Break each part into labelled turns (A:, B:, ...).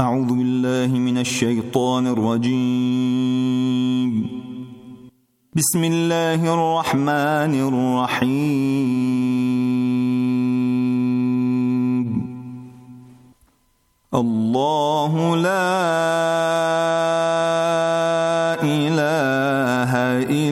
A: أعوذ بالله من الشيطان الرجيم بسم الله الرحمن الرحيم الله لا إله إلا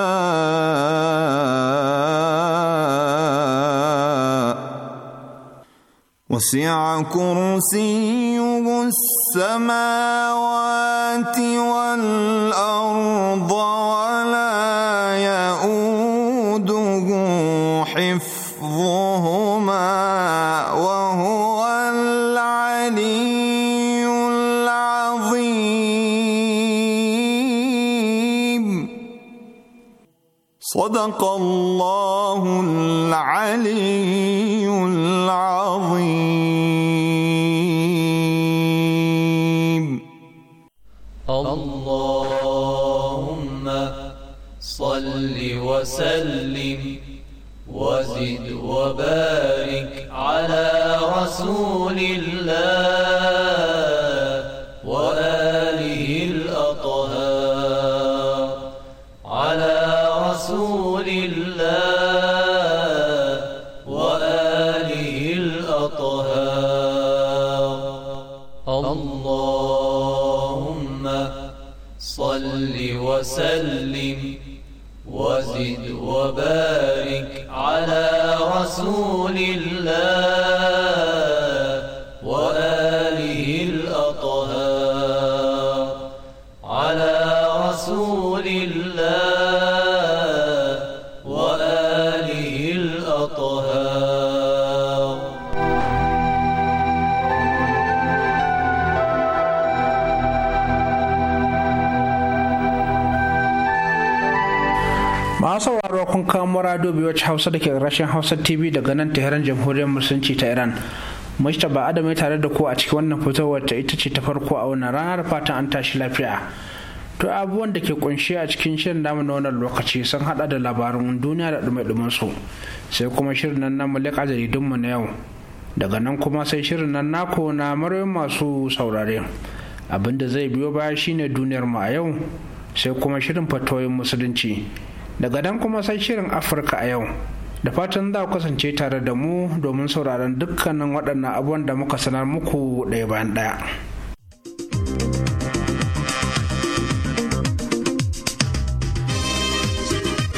A: وسع كرسيه السماوات والأرض ولا يئوده حفظهما وهو العلي العظيم صدق الله العليم
B: وسلم وزد وبارك
C: radio wacce hausa da ke rashin hausa tv daga nan tehran jamhuriyar musulunci ta iran mustapha adam ya tare da ku a cikin wannan fitowar ta ita ce ta farko a wannan ranar fatan an tashi lafiya to abubuwan da ke kunshi a cikin shirin namu na wannan lokaci sun hada da labarun duniya da dumai su sai kuma shirin nan namu mulek a jaridunmu na yau daga nan kuma sai shirin nan nako na masu saurare abinda zai biyo baya shine duniyar mu a yau sai kuma shirin fatoyin musulunci daga dan kuma sai shirin afirka a yau da fatan za ku kasance tare da mu domin sauraron dukkanin waɗannan abubuwan da muka sanar muku
D: ɗaya bayan ɗaya.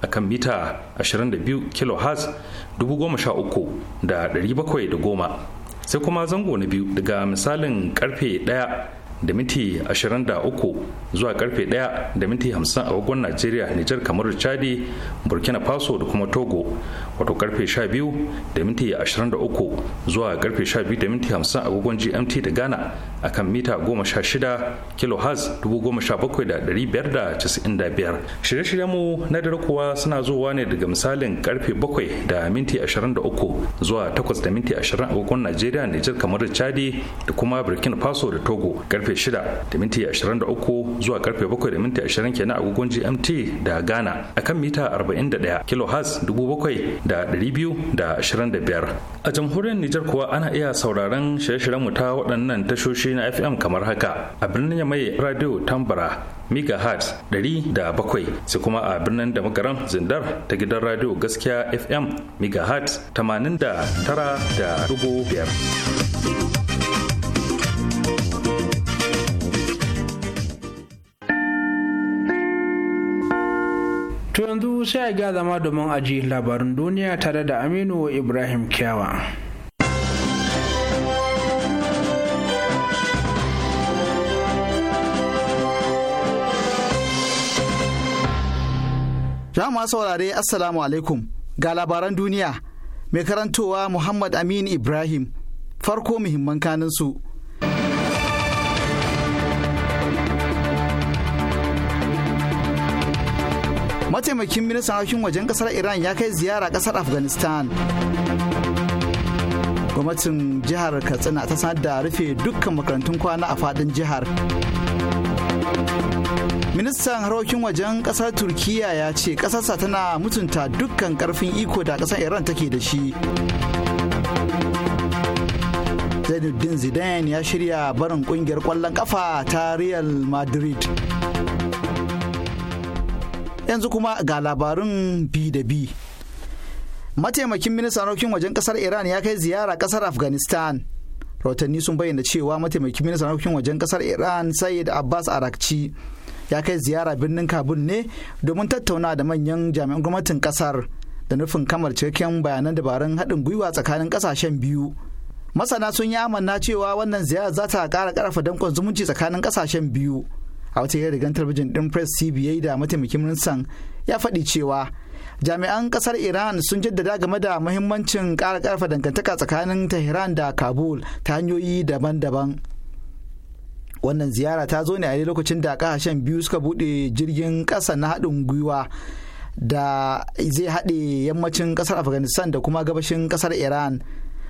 D: a kan mita 22 kHz 13710 sai kuma zango na biyu daga misalin karfe 1 da minti 23 zuwa karfe 1 da minti 50 a agogon Najeriya, Nijar, kamar Chadi, Burkina Faso da kuma Togo. Wato karfe 12 da minti 23 zuwa karfe 12 da minti 50 a agogon GMT da Ghana a kan mita 16 kHz 17,595. Shirye-shiryen mu na dare kuwa suna zuwa ne daga misalin karfe 7 da minti 23 zuwa 8 da minti 20 agogon Najeriya, Nijar, kamar Chadi da kuma Burkina Faso da Togo. Karfe karfe 6 da minti 23 zuwa karfe 7 da minti 20 kenan agogon GMT da Ghana akan mita 41 kHz 7225. A jamhuriyar Nijar kuwa ana iya sauraron shirye-shiryen mu ta waɗannan tashoshi na FM kamar haka a birnin mai radio Tambara megahertz 107 sai kuma a birnin da makaran zindar ta gidan radio gaskiya fm megahertz 89.5
C: sai a ga zama domin aji labarin duniya tare da aminu ibrahim kyawa
E: Jama'a saurare Assalamu alaikum ga labaran duniya mai karantowa Muhammad Amin Ibrahim farko muhimman kanin su. mataimakin ministan harkokin wajen kasar iran ya kai ziyara kasar afghanistan gwamnatin jihar katsina ta sanar da rufe dukkan makarantun kwana a fadin jihar ministan harkokin wajen kasar turkiya ya ce kasarsa tana mutunta dukkan karfin iko da kasar iran take da shi zainuddin zidane ya shirya barin kungiyar kwallon kafa ta real madrid yanzu kuma ga labarin bi da bi mataimakin ministan harkokin wajen kasar iran ya kai ziyara kasar afghanistan rahotanni sun bayyana cewa mataimakin ministan harkokin wajen kasar iran sayyid abbas arakci ya kai ziyara birnin kabul ne domin tattauna da manyan jami'an gwamnatin kasar da nufin kamar cikakken bayanan dabarun haɗin gwiwa tsakanin ƙasashen biyu masana sun yi amanna cewa wannan ziyara za ta ƙara ƙarfa dankon zumunci tsakanin ƙasashen biyu a wata yadda gan talabijin ɗin press cba da mataimakin ministan ya faɗi cewa jami'an ƙasar iran sun jaddada game da mahimmancin ƙara ƙarfa dangantaka tsakanin tehran da kabul ta hanyoyi daban-daban wannan ziyara ta zo ne a lokacin da ƙasashen biyu suka buɗe jirgin ƙasa na haɗin gwiwa da zai haɗe yammacin ƙasar afghanistan da kuma gabashin ƙasar iran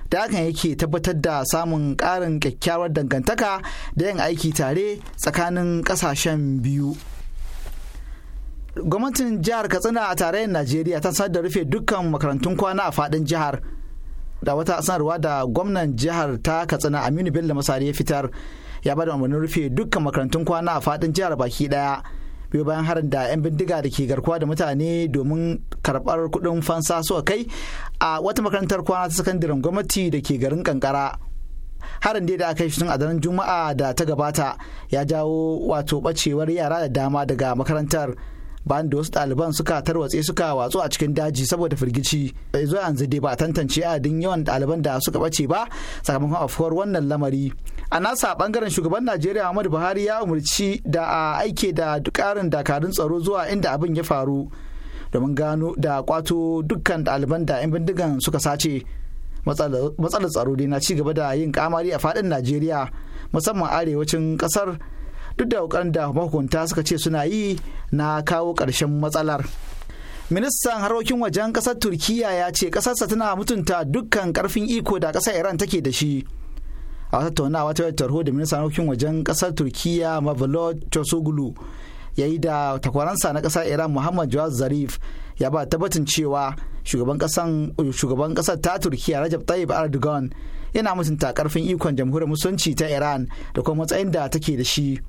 E: da hakan yake tabbatar da samun ƙarin kyakkyawar dangantaka da yin aiki tare tsakanin kasashen biyu gwamnatin jihar katsina a tarayyar najeriya ta sanar da rufe dukkan makarantun kwana a fadin jihar da wata sanarwa da gwamnan jihar ta katsina aminu bello masari ya fitar ya bada umarnin rufe dukkan makarantun kwana a fadin jihar baki daya. biyo bayan harin da 'yan bindiga da ke garkuwa da mutane domin karɓar kuɗin fansa a kai a wata makarantar kwana ta sakandaren gwamnati da ke garin kankara harin da aka yi a daren juma'a da ta gabata ya jawo wato bacewar yara da dama daga makarantar bayan da wasu ɗaliban suka tarwatse suka watsu a cikin daji saboda firgici zuwa yanzu dai ba a tantance adadin yawan ɗaliban da suka bace ba sakamakon afuwar wannan lamari a nasa bangaren shugaban najeriya muhammadu buhari ya umarci da a aike da karin dakarun tsaro zuwa inda abin ya faru domin gano da kwato dukkan ɗaliban da 'yan bindigan suka sace matsalar tsaro dai na cigaba da yin kamari a fadin najeriya musamman arewacin kasar duk da kokarin da mahukunta suka ce suna yi na kawo ƙarshen matsalar ministan harkokin wajen ƙasar turkiya ya ce kasarsa tana mutunta dukkan karfin iko da ƙasar iran take da shi a tattaunawa ta tarho da ministan harkokin wajen kasar turkiya mavlod chosoglu ya yi da takwaransa na kasar iran muhammad jawad zarif ya ba tabbatin cewa shugaban kasar ta turkiya rajab tayyip erdogan yana mutunta karfin ikon jamhuriyar musulunci ta iran da kuma matsayin da take da shi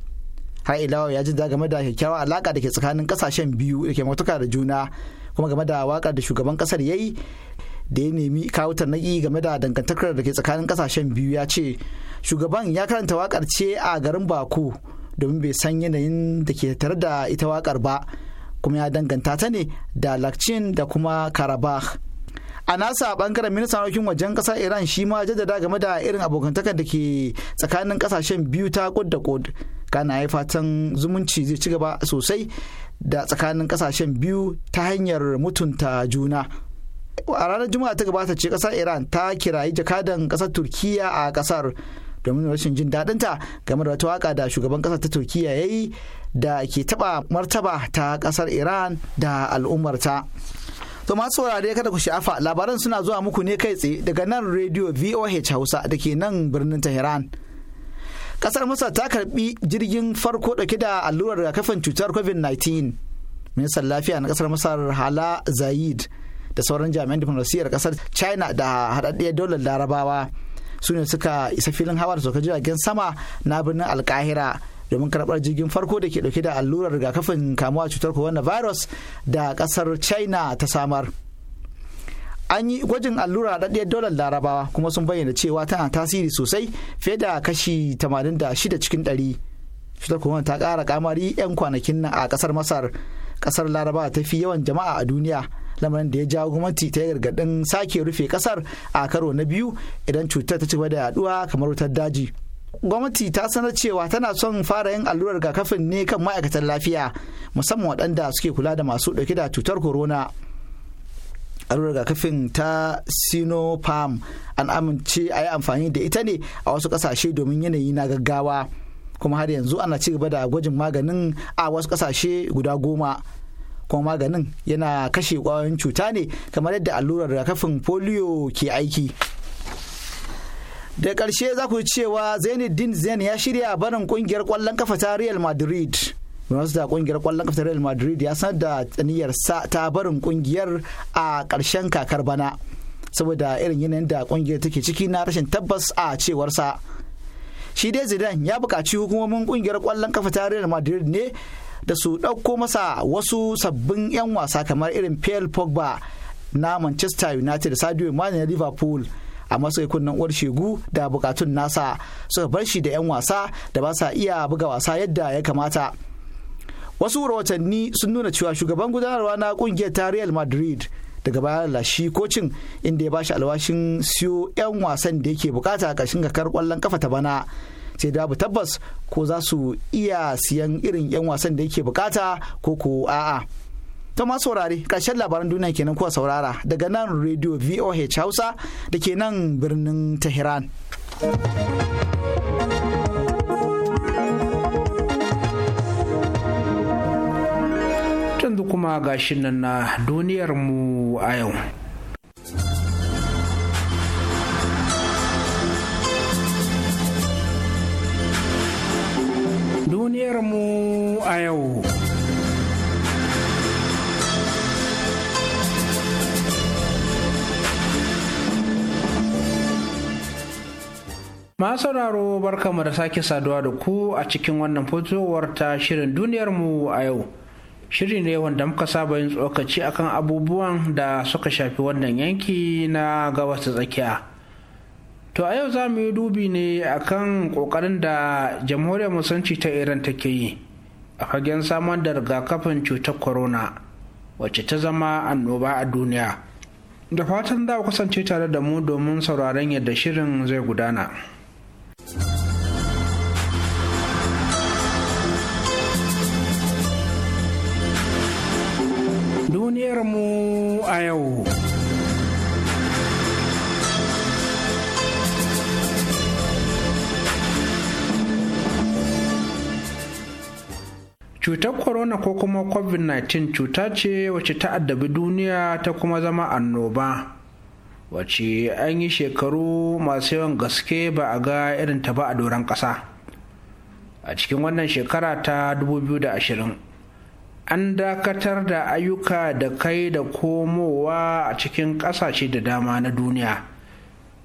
E: har ilawa ya ji game da kyakkyawar alaka da ke tsakanin kasashen biyu da ke matuka da juna kuma game da wakar da shugaban kasar ya yi da ya nemi kawo tarnaki game da dangantakar da ke tsakanin kasashen biyu ya ce shugaban ya karanta wakar ce a garin baku domin bai san yanayin da ke tare da ita wakar ba kuma ya danganta ta ne da lakcin da kuma karabakh a nasa bangaren ministan harkokin wajen kasa iran shi ma jaddada game da irin abokantakar da ke tsakanin kasashen biyu ta kud da kud kana ya fatan zumunci zai ci gaba sosai da tsakanin kasashen biyu ta hanyar mutunta juna. a ranar juma'a ta gabata ce kasar iran ta kirayi jakadan kasar turkiya a kasar domin rashin jin daɗinta game da wata waka da shugaban kasar ta turkiya ya yi da ke taba martaba ta kasar iran da al'ummarta to masu saurare kada ku sha'afa labaran suna zuwa muku ne kai tsaye daga nan rediyo voh hausa da ke nan birnin tehran kasar masar ta karbi jirgin farko dauke da allurar rigakafin cutar covid-19 ministan lafiya na kasar masar hala zayid da sauran jami'an diflomasiyyar kasar china da haɗaɗɗiyar dolar larabawa su ne suka isa filin hawa da jiragen sama na birnin alkahira domin karbar jirgin farko da ke ɗauke da allurar rigakafin kamuwa cutar virus da ƙasar china ta samar an yi gwajin allura daɗaɗɗiyar dolar larabawa kuma sun bayyana cewa tana tasiri sosai fiye da kashi 86 cikin 100 cutar corona ta ƙara kamari 'yan kwanakin nan a ƙasar masar ƙasar larabawa ta fi yawan jama'a a duniya lamarin da ya jawo gwamnati ta yi gargadin sake rufe kasar a karo na biyu idan cutar ta ci gaba da yaduwa kamar wutar daji gwamnati ta sanar cewa tana son fara yin allurar rigakafin ne kan ma'aikatan lafiya musamman waɗanda suke kula da masu ɗauke da cutar corona allurar rigakafin ta sinopharm an amince a yi amfani da ita ne a wasu ƙasashe domin yanayi na gaggawa kuma har yanzu ana ci gaba da gwajin maganin a wasu ƙasashe guda goma kuma maganin yana kashe kwayoyin cuta ne kamar yadda allurar rigakafin polio ke aiki da ƙarshe za ku cewa zainuddin zain ya shirya barin ƙungiyar ƙwallon kafa ta real madrid Ronaldo da kungiyar ƙwallon kafa ta real madrid ya sanar da tsaniyar ta barin ƙungiyar a ƙarshen kakar bana saboda irin yanayin da kungiyar take ciki na rashin tabbas a cewarsa shi dai zidane ya buƙaci hukumomin ƙungiyar ƙwallon kafa ta real madrid ne da su ɗauko masa wasu sabbin 'yan wasa kamar irin Pierre Pogba na Manchester United da Sadio Mane na Liverpool a matsayin nan uwar shegu da bukatun nasa suka bar shi da 'yan wasa da ba sa iya buga wasa yadda ya kamata. Wasu rahotanni sun nuna cewa shugaban gudanarwa na kungiyar ta Real Madrid daga bayan lashi kocin inda ya bashi alwashin siyo 'yan wasan da yake bukata a ƙarshen kakar kwallon kafa ta bana. sai da tabbas ko za su iya siyan irin 'yan wasan da yake bukata ko ko a'a. ta ma saurare ƙarshen labaran duniya kenan kuwa saurara daga nan radio voh hausa da ke nan birnin tehran
C: yanzu kuma gashin nan na duniyarmu a yau duniyar mu a yau. sauraro barkamu da sake saduwa da ku a cikin wannan fitowar ta shirin duniyarmu a yau shiri ne wanda muka saba yin tsokaci akan abubuwan da suka shafi wannan yanki na gabas ta tsakiya To a yau za mu yi dubi ne a kan ƙoƙarin da jamhuriyar musanci ta Iran take yi a fagen samar da rigakafin cutar corona wacce ta zama annoba a duniya. Da fatan za ku kasance tare da mu domin sauraron yadda shirin zai gudana. duniyar mu a yau. cutar corona ko kuma covid-19 cuta ce wacce ta addabi duniya ta kuma zama annoba wacce an yi shekaru masu yawan gaske ba a ga irin ta ba a doron ƙasa a cikin wannan shekara ta 2020 an dakatar da ayyuka da kai da komowa a cikin ƙasashe da dama na duniya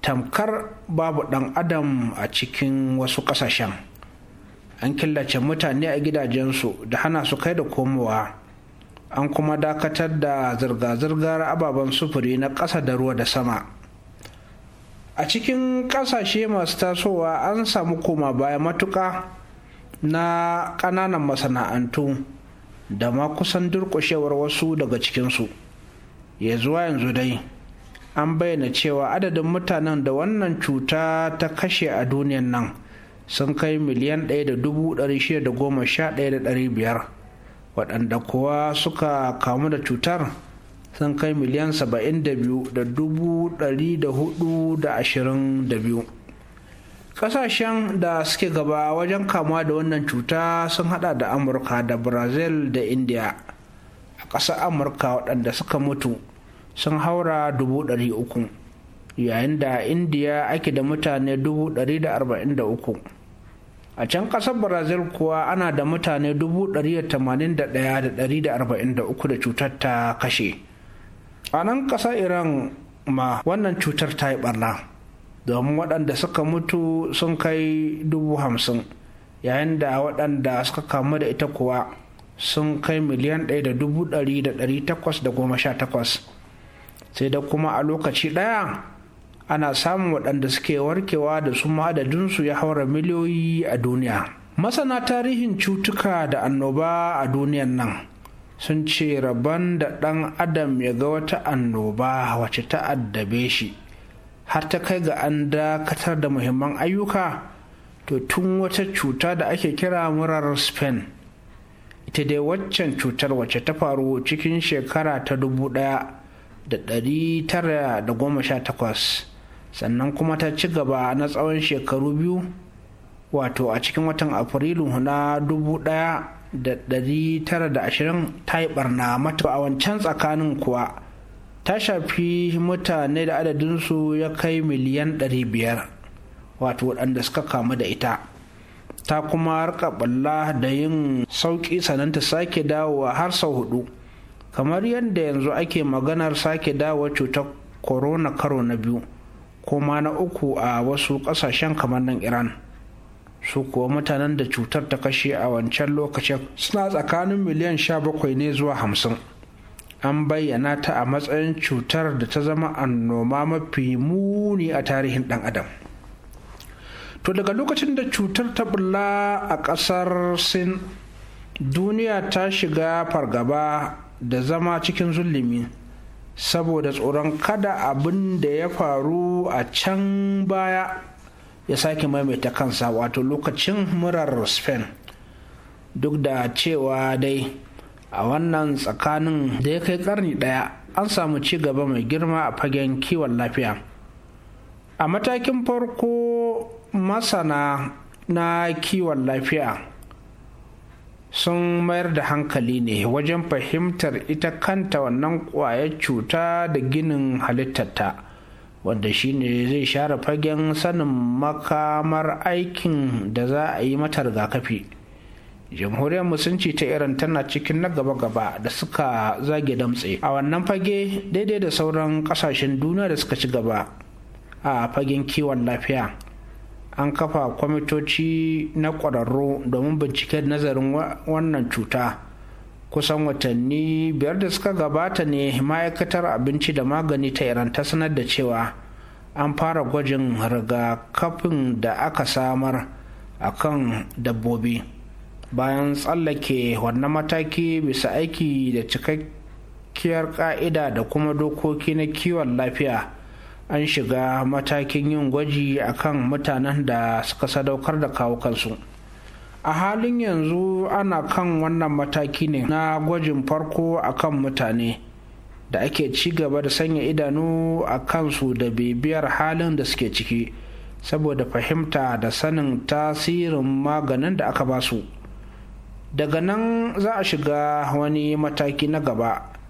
C: tamkar babu ɗan adam a cikin wasu ƙasashen an killace mutane a gidajensu da hana su kai da komowa an kuma dakatar da zirga-zirgar ababen sufuri na ƙasa da ruwa da sama a cikin ƙasashe masu tasowa an samu koma baya matuƙa na ƙananan masana'antu da ma kusan durƙushewar wasu daga cikinsu ya zuwa yanzu dai an bayyana cewa adadin mutanen da wannan cuta ta kashe a duniyan nan sun kai miliyan biyar, waɗanda kuwa suka kamu da cutar sun kai miliyan biyu. kasashen da suke gaba wajen kamuwa da wannan cuta sun hada da amurka da brazil da india a ƙasar amurka waɗanda suka mutu sun haura dubu uku yayin da indiya ake da mutane 143 a can kasar brazil kuwa ana da mutane 181,143 da cutar ta kashe a nan kasar iran ma wannan cutar ta yi barna domin waɗanda suka mutu sun kai 50,000 yayin da waɗanda suka kamu da ita kuwa sun kai miliyan ɗaya da goma sha 1,818 sai da kuma a lokaci ɗaya ana samun waɗanda suke warkewa da su adadinsu ya haura miliyoyi a duniya masana tarihin cutuka da annoba a duniyan nan sun ce rabon da ɗan adam ya ga wata annoba wacce ta addabe shi har ta kai ga an dakatar da muhimman ayyuka to tun wata cuta da ake kira murar spain ita dai waccan cutar wacce ta faru cikin shekara ta dubu ɗaya da ɗari tara da goma sha takwas sannan kuma ta ci gaba na tsawon shekaru biyu wato a cikin watan afrilu na 1920 ta yi barna mata a wancan tsakanin kuwa ta shafi mutane da adadinsu ya kai miliyan 500 wato waɗanda suka kamu da ita ta kuma harka balla da yin sauƙi sannan ta sake dawowa har sau hudu kamar yadda yanzu ake maganar sake dawo cutar corona karo na biyu ko ma na uku a wasu ƙasashen kamar nan iran su kuwa mutanen da cutar ta kashe a wancan lokacin suna tsakanin miliyan 17 ne zuwa 50 an bayyana ta a matsayin cutar da ta zama annoma mafi muni a tarihin dan adam to daga lokacin da cutar ta bulla a kasar sin duniya ta shiga fargaba da zama cikin zulumi saboda tsoron kada abin da ya faru a can baya ya sake maimaita kansa wato lokacin murar spain duk da cewa dai a wannan tsakanin da ya kai karni daya an samu ci gaba mai girma a fagen kiwon lafiya a matakin farko masana na kiwon lafiya sun mayar da hankali ne wajen fahimtar ita kanta wannan ƙwayar cuta da ginin halittarta wanda shine zai share fagen sanin makamar aikin da za a yi mata rigakafi jamhuriyar musulunci ta iran tana cikin na gaba-gaba da suka zage damtse a wannan fage daidai da sauran kasashen duniya da suka ci gaba a fagen kiwon lafiya an kafa kwamitoci na ƙwararru domin bincike nazarin wannan cuta kusan watanni biyar da suka gabata ne ma'aikatar abinci da magani ta iran ta sanar da cewa an fara gwajin rigakafin da aka samar a kan dabbobi bayan tsallake wannan mataki bisa aiki da cikakkiyar ka'ida da kuma dokoki na kiwon lafiya an shiga matakin yin gwaji akan mutanen da suka sadaukar da kawo kansu a halin yanzu ana kan wannan mataki ne na gwajin farko akan mutane da ake ci gaba da sanya idanu a kansu da bibiyar halin da suke ciki saboda fahimta da sanin tasirin maganin da aka basu daga nan za a shiga wani mataki na gaba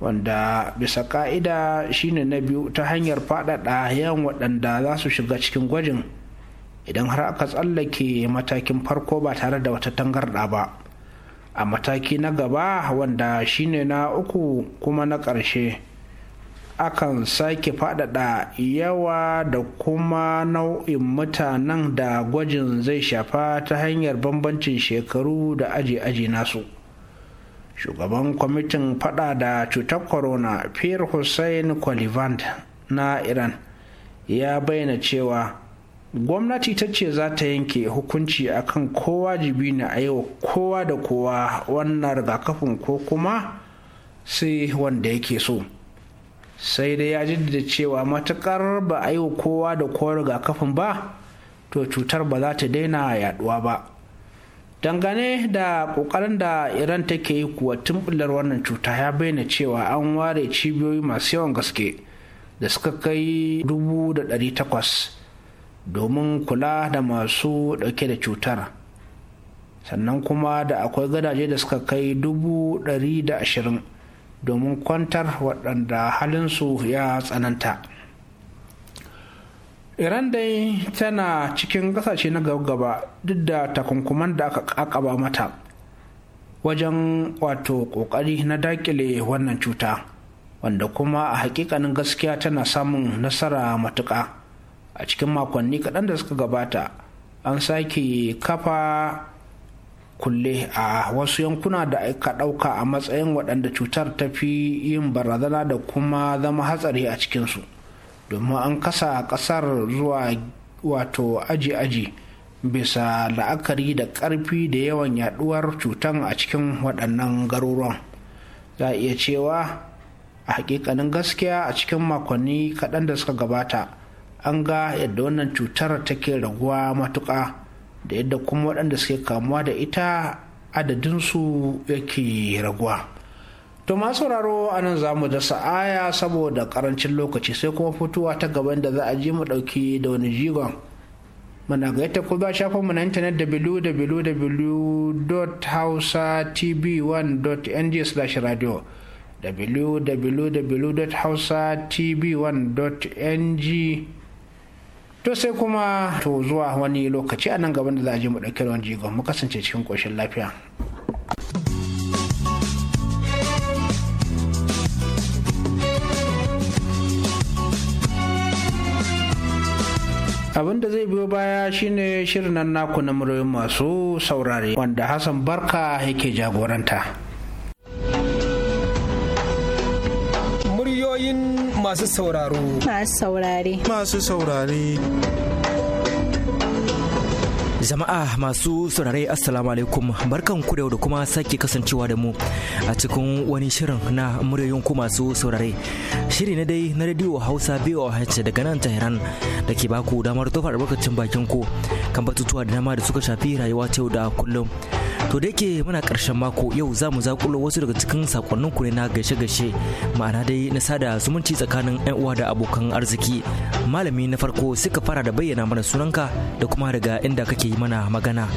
C: wanda bisa ka'ida shine na biyu ta hanyar faɗaɗa yawan waɗanda za su shiga cikin gwajin idan har aka tsallake matakin farko ba tare da wata tangarɗa ba a mataki na gaba wanda shine na uku kuma na ƙarshe akan sake faɗaɗa yawa da kuma nau'in mutanen da gwajin zai shafa ta hanyar bambancin shekaru da aji-aji nasu. shugaban kwamitin fada da cutar corona pierre hussein kwalivand na iran ya bayyana cewa gwamnati ta ce za ta yanke hukunci akan kowa jibi na a yau kowa da kowa wannan rigakafin ko kuma sai wanda yake so sai dai ya jaddada cewa matukar ba a yi kowa da kowa rigakafin ba to cutar ba za ta daina yaduwa ba dangane da kokarin da iran take yi kuwa tumbular wannan cuta ya bayyana cewa an ware cibiyoyi masu yawan gaske da suka kai takwas domin kula da masu dauke da cutar sannan kuma da akwai gadaje da suka kai dubu da ashirin domin kwantar waɗanda halinsu ya tsananta iran dai tana cikin kasashe na gaba duk da takunkuman da aka ba mata wajen wato kokari na dakile wannan cuta wanda kuma a hakikanin gaskiya tana samun nasara matuka a cikin makonni kaɗan da suka gabata an sake kafa kulle a wasu yankuna da aka ɗauka a matsayin waɗanda cutar ta fi yin barazana da kuma zama hatsari a cikinsu. domin an kasa kasar zuwa wato aji-aji bisa la'akari da ƙarfi da yawan yaduwar cutan a cikin waɗannan garuruwan za a iya cewa a hakikanin gaskiya a cikin makonni kaɗan da suka gabata an ga yadda wannan cutar take raguwa matuƙa da yadda kuma waɗanda suke kamuwa da ita adadinsu yake raguwa. To ma sauraro a nan za mu dasa aya saboda karancin lokaci sai kuma fitowa ta gaban da za a je mu ɗauki da wani jigon. Muna gaita ku ba shafin mu na intanet www.hausatv1.ng/radio www.hausatv1.ng to sai kuma to zuwa wani lokaci a nan gaban da za a je mu ɗauki da wani jigon mu kasance cikin koshin lafiya. abin da zai biyo baya shine shirin nan naku na muryoyin masu saurare wanda hassan barka yake jagoranta
F: muryoyin masu sauraro
B: masu saurare
F: masu saurare Jama'a masu saurare Assalamu alaikum barkan ku da kuma sake kasancewa da mu a cikin wani shirin na muryoyin ku masu saurare. Shiri na dai na radio Hausa BOH daga nan Tehran da ke baku damar tofa albarkacin bakin ku kan batutuwa da dama da suka shafi rayuwa ta yau da kullum. To da yake muna ƙarshen mako yau za mu zakulo wasu daga cikin sakonnin ku na gaishe-gaishe ma'ana dai na sada zumunci tsakanin 'yan uwa da abokan arziki. Malami na farko suka fara da bayyana mana sunanka da kuma daga inda kake yi mana magana.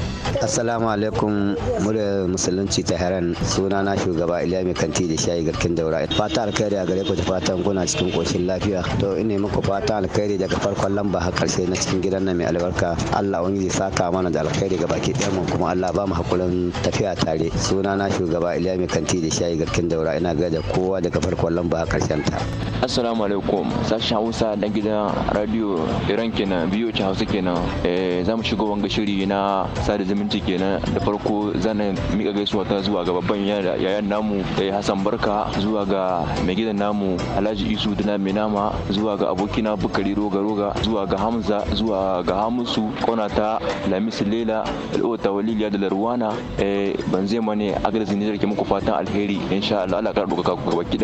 G: Assalamu alaikum muryar musulunci ta heran suna na shugaba Ilyami kanti da shayi garkin daura. Fata alkhairi a gare ku da fatan kuna cikin koshin lafiya. To ina muku fata alkhairi daga farkon lamba har karshe na cikin gidan nan mai albarka. Allah wani zai saka mana da alkhairi ga baki ɗaya mu kuma Allah ba mu hakurin tafiya tare sunana shugaba iliya mai kanti da shayi garkin daura ina gaida kowa daga farko lamba a karshen ta
F: assalamu alaikum sashen hausa dan gidan radio iran kenan biyo ci hausa kenan eh, za mu shiga wanga shiri na sada zumunci kenan da farko zanen mika gaisuwa ta zuwa ga babban yayan namu da eh, hassan barka zuwa ga mai gidan namu alhaji isu dana mai nama zuwa ga abokina bukari roga roga zuwa ga hamza zuwa ga hamusu konata lamisu lamis lela al'ota waliliya da larwana Eh, ban zai mane da nijar ke muku fatan alheri insha Allah Allah ka ɗaukaka ku gaba ki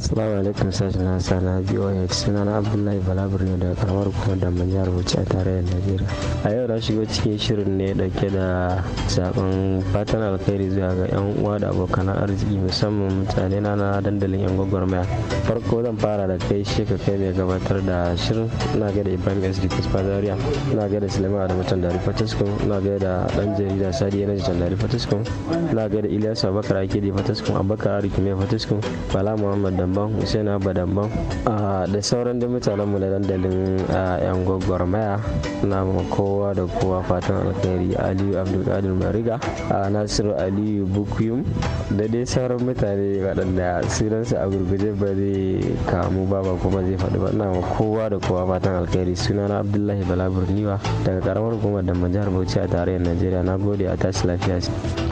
G: Assalamu alaikum sashen Hausa na BOF suna na Abdullahi ne da karamar kuma da manjar Bauchi a tarayyar Najeriya. A yau na shigo cikin shirin ne dauke da sabon fatan alkhairi zuwa ga yan uwa da abokan arziki musamman mutane na na dandalin yan gwagwarmaya. Farko zan fara da kai sheka kai mai gabatar da shirin na ga da Ibrahim S. Dikus Fadariya, na ga da Sulaiman Adamu Tandari Fatasko, na ga da dan jarida Sadi Yanaji Tandari Fatasko, na ga da Ilyasu Abakar Akidi Fatasko, Abakar Arikime Fatasko, Bala Muhammad da badamban husaina badamban ah, da sauran da mu na dandalin ah, yan gwagwarmaya na kowa da kowa fatan alkhairi aliyu abdulkadir mariga ah, nasiru aliyu bukuyum da dai sauran mutane waɗanda sunansu a gurguje ba zai kamu ba ba kuma zai faɗi ba na kowa da kowa fatan alkhairi sunana abdullahi bala burniwa daga karamar hukumar da jihar bauchi a tarayyar najeriya na gode a tashi lafiya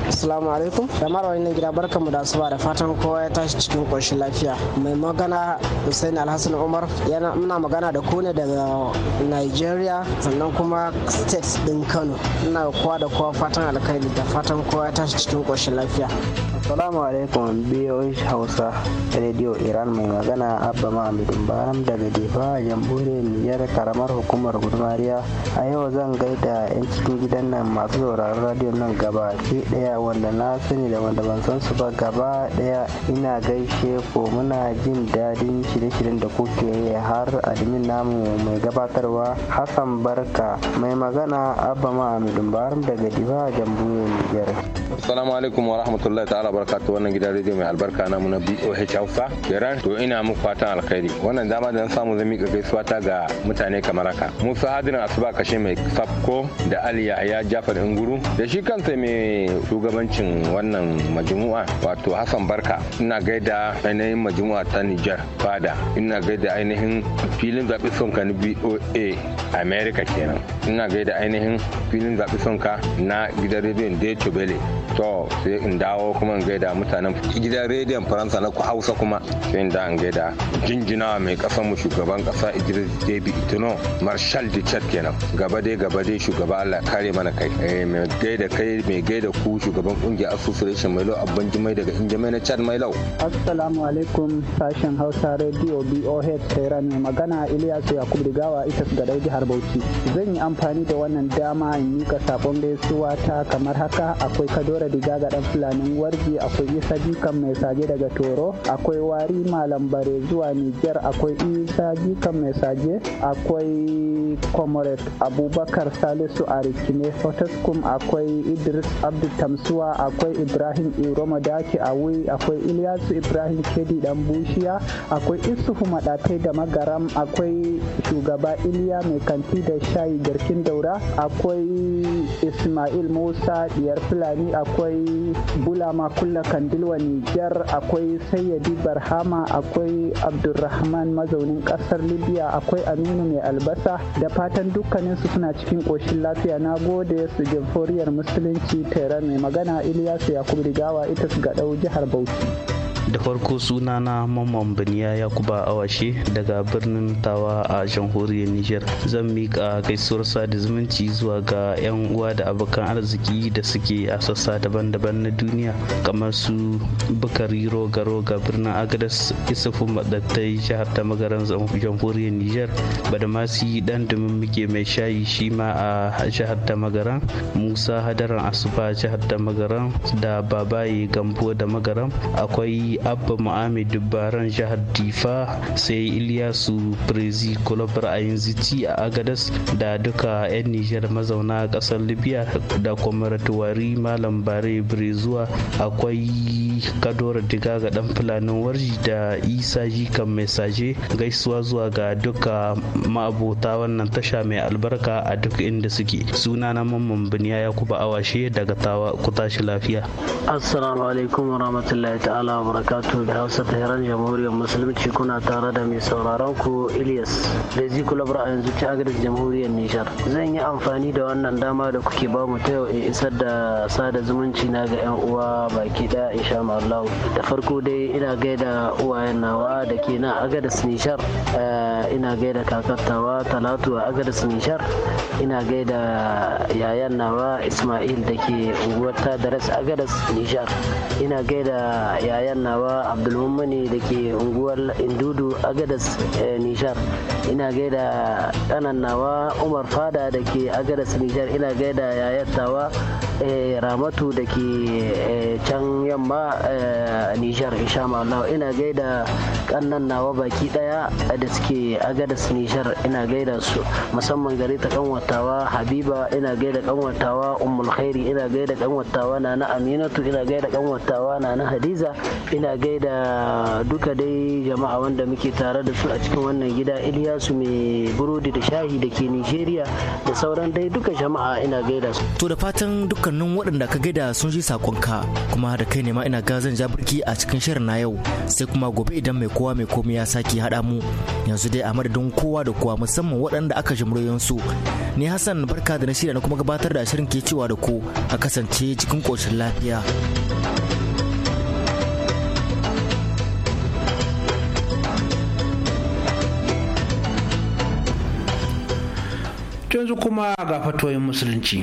B: Assalamu alaikum. Da mara wannan gida barkamu da asuba da fatan kowa ya tashi cikin ƙoshin lafiya. mai magana hussein alhassan umar yana muna magana da kone daga nigeria sannan kuma state din kano ina kowa da kowa fatan alkhairi da fatan kowa ya tashi cikin koshin lafiya
G: Assalamu alaikum BOH Hausa Radio Iran mai magana Abba Mahamudin Baram daga a jamhuriyar Niger karamar hukumar Gudumariya. A yau zan gaida 'yan cikin gidan nan masu sauraron radio nan gaba ke ɗaya wanda na sani da wanda ban san su ba gaba ɗaya ina gaishe ko muna jin daɗin shirye-shiryen da kuke har admin namu mai gabatarwa Hassan Barka mai magana Abba Mahamudin Baram daga a jamhuriyar Niger.
H: Assalamu alaikum wa rahmatullahi ta'ala wabarakatuh wannan gidan rediyo mai albarka na mu na BOH Hausa Iran to ina muku fatan alkhairi wannan dama da na samu zan mika gaisuwa ta ga mutane kamar haka Musa Hadirin Asuba kashe mai Sapko da Ali Yahaya Jafar Inguru da shi kansa mai shugabancin wannan majmu'a wato Hassan Barka ina gaida ainihin majmu'a ta Niger Fada ina gaida ainihin filin zaɓi sonka na BOA America kenan ina gaida ainihin filin zaɓi sonka na gidan rediyon Deutsche Welle to sai in dawo kuma in gaida mutanen gidan rediyon faransa na hausa kuma sai da an gaida jinjina mai kasan mu shugaban kasa idris debi itino marshal de chad kenan gaba dai gaba dai shugaba allah kare mana kai eh, mai gaida kai mai gaida ku shugaban kungiyar association mai lau abban jimai daga injimai na chad mai lau
I: assalamu alaikum sashen hausa radio boh tera ne magana iliyasu yakubu rigawa ita su gadai jihar bauchi zan yi amfani da wannan dama in yi ka gaisuwa ta kamar haka akwai kadora diga ga dan fulanin warji akwai Isa Jikan mai saje daga Toro, akwai Wari Malam Bare zuwa Niger. akwai Isa Jikan mai saje, akwai Comrade Abubakar Salisu Arikine Fortescue, akwai Idris Abdu Tamsuwa, akwai Ibrahim Iroma Daki Awi, akwai Ilyasu Ibrahim Kedi Dan Bushiya, akwai Isufu Madatai da Magaram, akwai Shugaba Iliya mai kanti da shayi garkin daura, akwai Ismail Musa Diyar Fulani, akwai Bulama Abdullah Kandilwa Nijar akwai Sayyadi Barhama akwai Abdulrahman mazaunin kasar Libya akwai Aminu mai albasa da fatan dukkaninsu suna cikin koshin lafiya na gode su jamhuriyar musulunci tare mai magana Ilyasu Yakubu Rigawa ita su ga ɗau jihar Bauchi.
J: da farko sunana mamman biniya yakuba awashe daga birnin tawa a jamhuriyar niger zan miƙa gaisuwar da zumunci zuwa ga 'yan uwa da abokan arziki da suke a sassa daban-daban na duniya kamar su bukari Rogaro ga birnin agadas isufu madattai jihar ta magaran jamhuriyar niger badamasi dan dumin muke mai shayi shi ma a jihar ta magaran musa hadaran asuba jihar ta magaran da babaye gambo da magaran akwai abba mu'amid dubbaran jihar difa sai iliyasu prezi kolobar a ziti a agadas da duka 'yan nijar mazauna kasar libya da kwamaratawari malam bare brezuwa akwai kadora diga ga dan fulanin warji da isa jikan mai saje gaisuwa zuwa ga duka ma'abota wannan tasha mai albarka a duk inda suke suna na mamman biniya ya kuba awashe daga tawa ku lafiya
B: assalamu alaikum rahmatullahi ta'ala wa barakatu da Hausa ta yaran jamhuriyar musulunci kuna tare da mai sauraron ku ilias Rezi Kulabra a yanzu ta agadis jamhuriyar Nijar. Zan yi amfani da wannan dama da kuke ba mu ta yau in isar da sada zumunci na ga 'yan uwa baki ɗaya in sha Allah. Da farko dai ina gaida uwayen nawa da ke na agadis Nijar. Eh, ina gaida kakattawa Talatu a agadis Nijar. Ina gaida yayan nawa Ismail da ke unguwar ras Agadas Nijar. Ina gaida yayan nawa nawa abdulmumani da ke unguwar indudu agadas eh, Nishar ina gaida ƙanan nawa umar fada da ke agadas Nishar ina gaida yayatawa Eh, ramatu da ke eh, can yamma eh, nijar insha Allah ina gaida kannan nawa baki daya da suke agadas nijar ina gaida su musamman gare ta kanwatawa habiba ina gaida kanwatawa umul khairi ina gaida kanwatawa na na aminatu ina gaida kanwatawa na na hadiza ina gaida duka dai jama'a wanda muke tare da su a cikin wannan gida iliyasu mai burodi da shahi da ke nigeria da sauran dai duka jama'a ina gaida su
F: to da fatan duka dukkanin waɗanda ka gaida sun ji sakonka kuma da kai ne ma ina gazan birki a cikin shirin na yau sai kuma gobe idan mai kowa mai komai ya sake haɗa mu yanzu dai a madadin kowa da kowa musamman waɗanda aka jimriyon su ni hassan barka da na shirya na kuma gabatar da shirin ke cewa da ku a kasance cikin ƙoshin lafiya.
C: yanzu kuma ga fatoyin musulunci.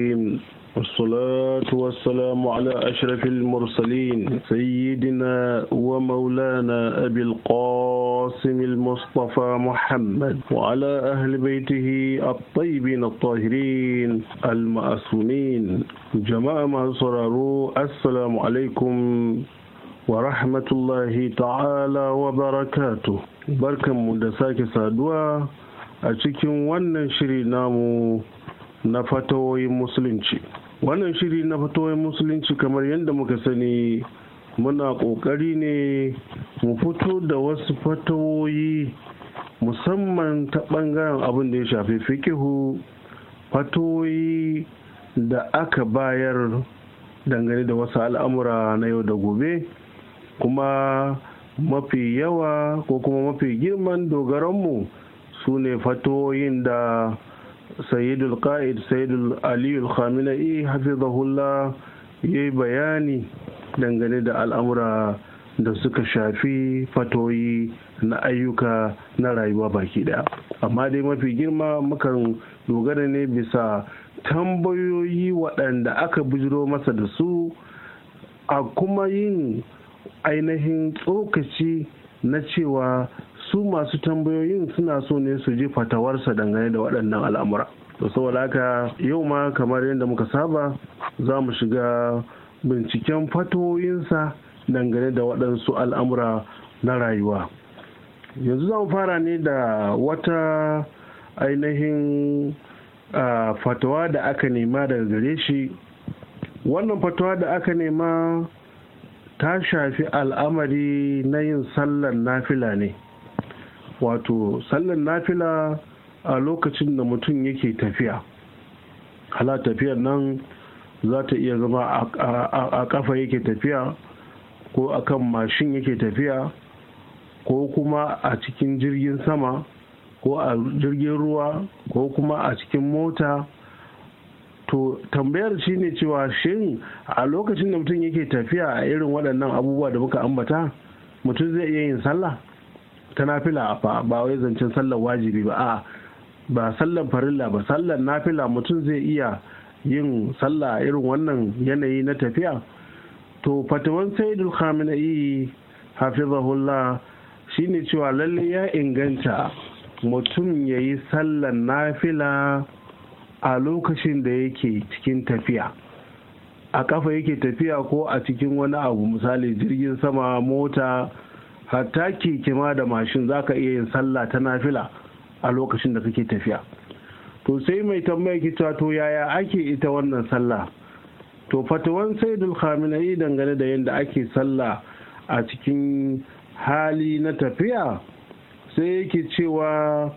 K: والصلاة والسلام على أشرف المرسلين سيدنا ومولانا أبي القاسم المصطفى محمد وعلى أهل بيته الطيبين الطاهرين المأسومين جماعة ما صرروا السلام عليكم ورحمة الله تعالى وبركاته بركة مدساك سادوا أتكين ونشري نامو na fatawoyin musulunci wannan shiri na fatoyin musulunci kamar yadda muka sani muna ƙoƙari ne mu fito da wasu fatoyi musamman ta ɓangaren abin da ya shafi fikihu fatoyi da aka bayar dangane da wasu al'amura na yau da gobe kuma mafi yawa ko kuma mafi girman dogaranmu su ne fatoyin da sayyidul qa'id sayyidul aliyul khamenei eh, hafizahullah ya yi bayani dangane da al'amura da suka shafi fatoyi na ayyuka na rayuwa baki daya amma dai mafi girma mukan dogara ne bisa tambayoyi waɗanda aka bujiro masa da su a kuma yin ainihin tsokaci na cewa su masu tambayoyin suna so ne su ji fatawarsa dangane da waɗannan al'amura to saboda haka yau ma kamar yadda muka saba za mu shiga binciken fatoyinsa dangane da waɗansu al'amura na rayuwa yanzu za mu fara ne da wata ainihin fatawa da aka nema daga gare shi wannan fatawa da aka nema ta shafi al'amari na yin sallar nafila ne wato sallan nafila a lokacin da mutum yake tafiya hala tafiyar nan za ta iya zama a kafa yake tafiya ko a kan mashin yake tafiya ko kuma a cikin jirgin sama ko a jirgin ruwa ko kuma a cikin mota to tambayar shi ne cewa shin a lokacin da mutum yake tafiya a irin waɗannan abubuwa da muka ambata mutum zai iya yin sallah ta nafila fa ba wai zancen sallar wajibi ba a'a ba sallar farilla ba sallar nafila mutum zai iya yin sallah irin wannan yanayi na tafiya to fatawan sayyidul khamenei hafizahullah shine cewa lalle ya inganta mutum ya yi sallar nafila a lokacin da yake cikin tafiya a kafa yake tafiya ko a cikin wani abu misali jirgin sama mota hatta keke ma da mashin za ka iya yin sallah ta nafila a lokacin da kake tafiya to sai mai tambaya ki cewa to yaya ake ita wannan sallah to fatawan saidul khamenei dangane da yadda ake sallah a cikin hali na tafiya sai yake cewa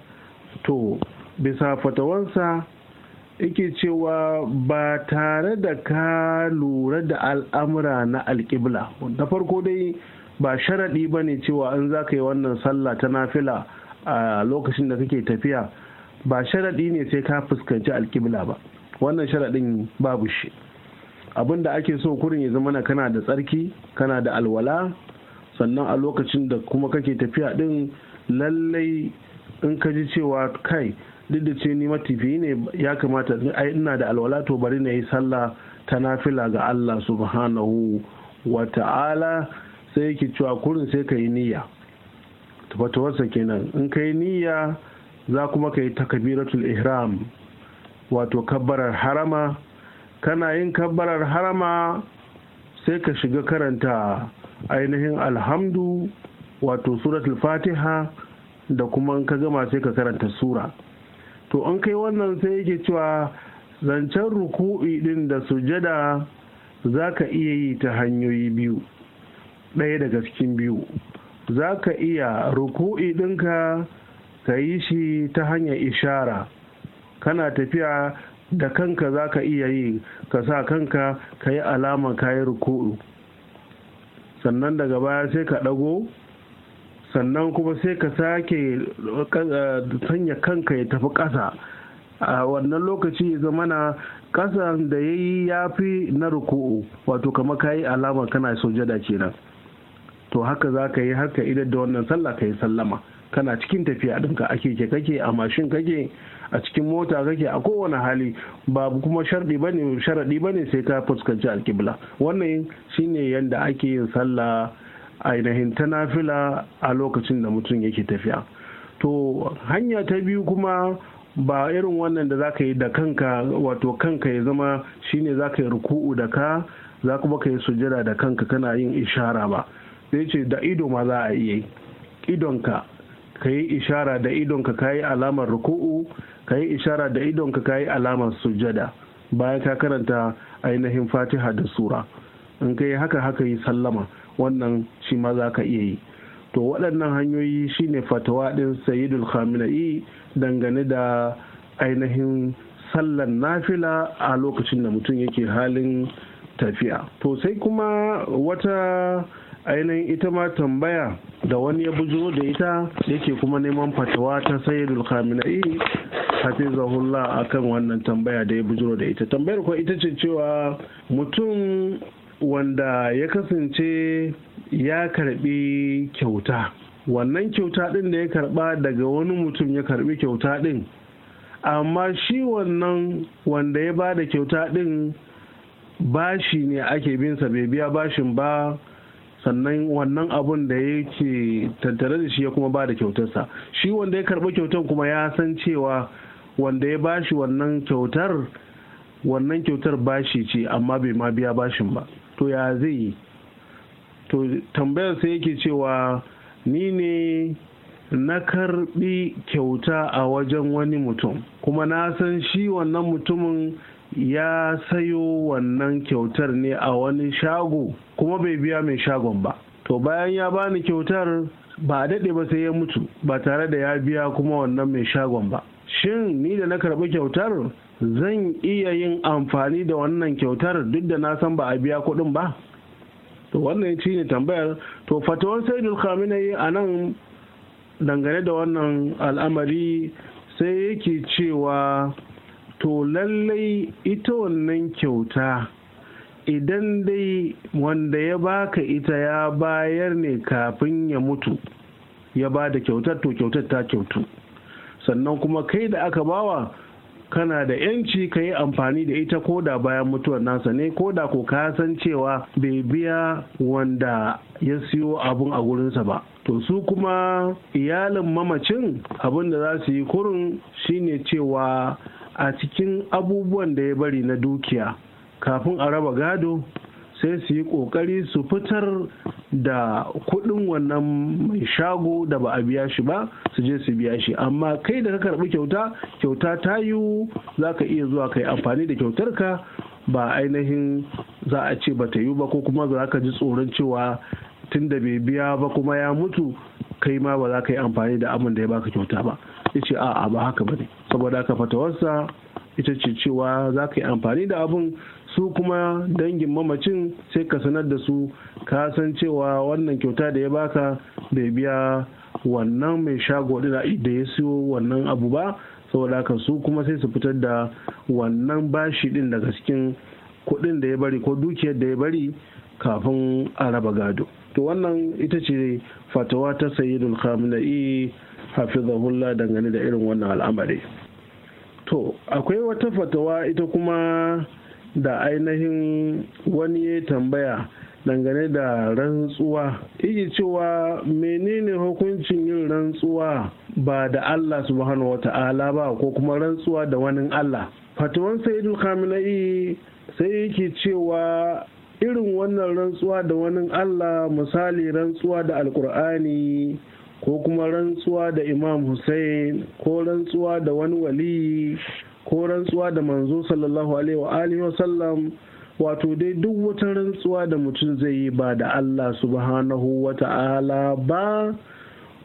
K: to bisa fatawansa yake cewa ba tare da ka lura da al'amura na alƙibla da farko dai ba sharaɗi ba ne cewa in za ka yi wannan sallah ta nafila a lokacin da kake tafiya ba sharaɗi ne sai ka fuskanci alkibla ba wannan sharaɗin babu shi abin da ake so kurin ya zama na kana da tsarki kana da alwala sannan a lokacin da kuma kake tafiya ɗin lallai in ka ji cewa kai duk da ce ni matifi ne ya kamata ai ina da alwala to bari na yi sallah ta nafila ga Allah subhanahu wa ta'ala sai yake cewa kurin sai ka yi niyya tabbatuwarsa kenan in ka yi niyya za kuma ka yi takabiratul ihram wato kabbarar harama kana yin kabbarar harama sai ka shiga karanta ainihin alhamdu wato suratul fatiha da kuma in ka gama sai ka karanta sura to in kai wannan sai yake cewa zancen ruku'i din da sujada za ka iya yi ta hanyoyi biyu ɗaya daga cikin biyu za ka iya ruku'i ɗinka ka yi shi ta hanyar ishara kana tafiya da kanka za ka iya yi ka sa kanka ka yi alama ka yi ruku'u sannan daga baya sai ka ɗago sannan kuma sai ka sake eh, sanya kanka ya tafi ƙasa a wannan lokaci ya zama na ƙasan da ya yi ya fi na ruku'u wato kama ka yi alama kana sojada kenan. to haka za ka yi haka idan da wannan sallah ka yi sallama kana cikin tafiya ɗinka ake ke kake a mashin kake a cikin mota kake a kowane hali ba kuma sharɗi bane sharaɗi bane sai ka fuskanci alƙibla wannan shine yadda ake yin sallah ainihin ta nafila a lokacin da mutum yake tafiya to hanya ta biyu kuma ba irin wannan da zaka yi da kanka wato kanka ya zama shine zaka yi ruku'u da ka za kuma ka yi sujada da kanka kana yin ishara ba sai ce da ido ma za a iya yi idonka ka yi ishara da idonka ka yi alamar ruku'u ka yi ishara da idonka ka yi alamar sujada bayan ka karanta ainihin fatiha da sura in ka yi haka haka yi sallama wannan shi ma za ka iya yi to waɗannan hanyoyi shine fatawa ɗin sayidul khaminai dangane da ainihin sallan nafila a lokacin da mutum yake halin tafiya to sai kuma wata ainihin ita ma tambaya da wani ya bujo da ita yake kuma neman fatawa ta sayyidul khamenei a kan wannan tambaya da ya bujo da ita tambayar kuwa ita ce cewa mutum wanda ya kasance ya karbi kyauta wannan kyauta din da ya karba daga wani mutum ya karbi kyauta din amma shi wannan wanda ya ba da kyauta din bashi ne ake sa bai biya bashin ba sannan wannan abun da yake tattare da shi ya kuma ba da kyautarsa shi wanda ya karɓi kyautar kuma ya san cewa wanda ya bashi wannan kyautar wannan kyautar bashi ce amma bai ma biya bashin ba to ya zai yi to tambayar sai yake cewa ni ne na karɓi kyauta a wajen wani mutum kuma na san shi wannan mutumin ya sayo wannan kyautar ne a wani shago kuma bai biya mai shagon ba to bayan ya bani kyautar ba a daɗe ba sai ya mutu ba tare da ya biya kuma wannan mai shagon ba shin ni da na karɓi kyautar zan iya yin amfani da wannan kyautar duk da na san ba a biya kuɗin ba to wannan shi ne tambayar to fatawar saidul yi a nan dangane da wannan al'amari sai yake cewa to lallai ita wannan kyauta idan dai wanda ya baka ita ya bayar ne kafin ya mutu ya ba da kyautar to kyautar ta kyautu sannan kuma kai da aka bawa kana da yanci ka yi amfani da ita ko da bayan mutuwar nasa ne ko da ko ka san cewa bai biya wanda ya siyo abun a gurinsa ba to su kuma iyalin mamacin abin da za su yi kurin shine cewa a cikin abubuwan da ya bari na dukiya kafin a raba gado sai su yi kokari su fitar da kuɗin wannan mai shago da ba a biya shi ba su je su biya shi amma kai da ka karɓi kyauta kyauta ta yiwu za ka iya zuwa ka yi amfani da kyautar ka ba ainihin za a ce ba ta yiwu ba ko kuma za ka ji tsoron cewa tun da bai biya ba kuma ya mutu kai ma ba za ka yi amfani da abin da ya baka kyauta ba ya ce a'a ba haka ba ne saboda haka fatawarsa ita ce cewa za ka yi amfani da abun su kuma dangin mamacin sai ka sanar da su ka san cewa wannan kyauta da ya baka bai biya wannan mai shago da ya siyo wannan abu ba saboda haka su kuma sai su fitar da wannan bashi din daga cikin kuɗin da ya bari ko dukiyar da ya bari kafin a raba gado to wannan ita ce fatawa ta sayyidul khamenei hafizahullah dangane da irin wannan al'amari to akwai wata fatawa ita kuma da ainihin wani ya tambaya dangane da rantsuwa Iki cewa menene hukuncin yin rantsuwa ba da Allah subhanahu wa ta'ala ba ko kuma rantsuwa da wani Allah fatawan sayyidul Kamila'i sai yake cewa irin wannan rantsuwa da wani Allah misali rantsuwa da alkur'ani ko kuma rantsuwa da imam hussein ko rantsuwa da wani waliyi ko rantsuwa da manzo sallallahu alaihi wa alihi wa sallam wato dai duk wata rantsuwa da mutum zai yi ba da Allah subhanahu wa ta'ala ba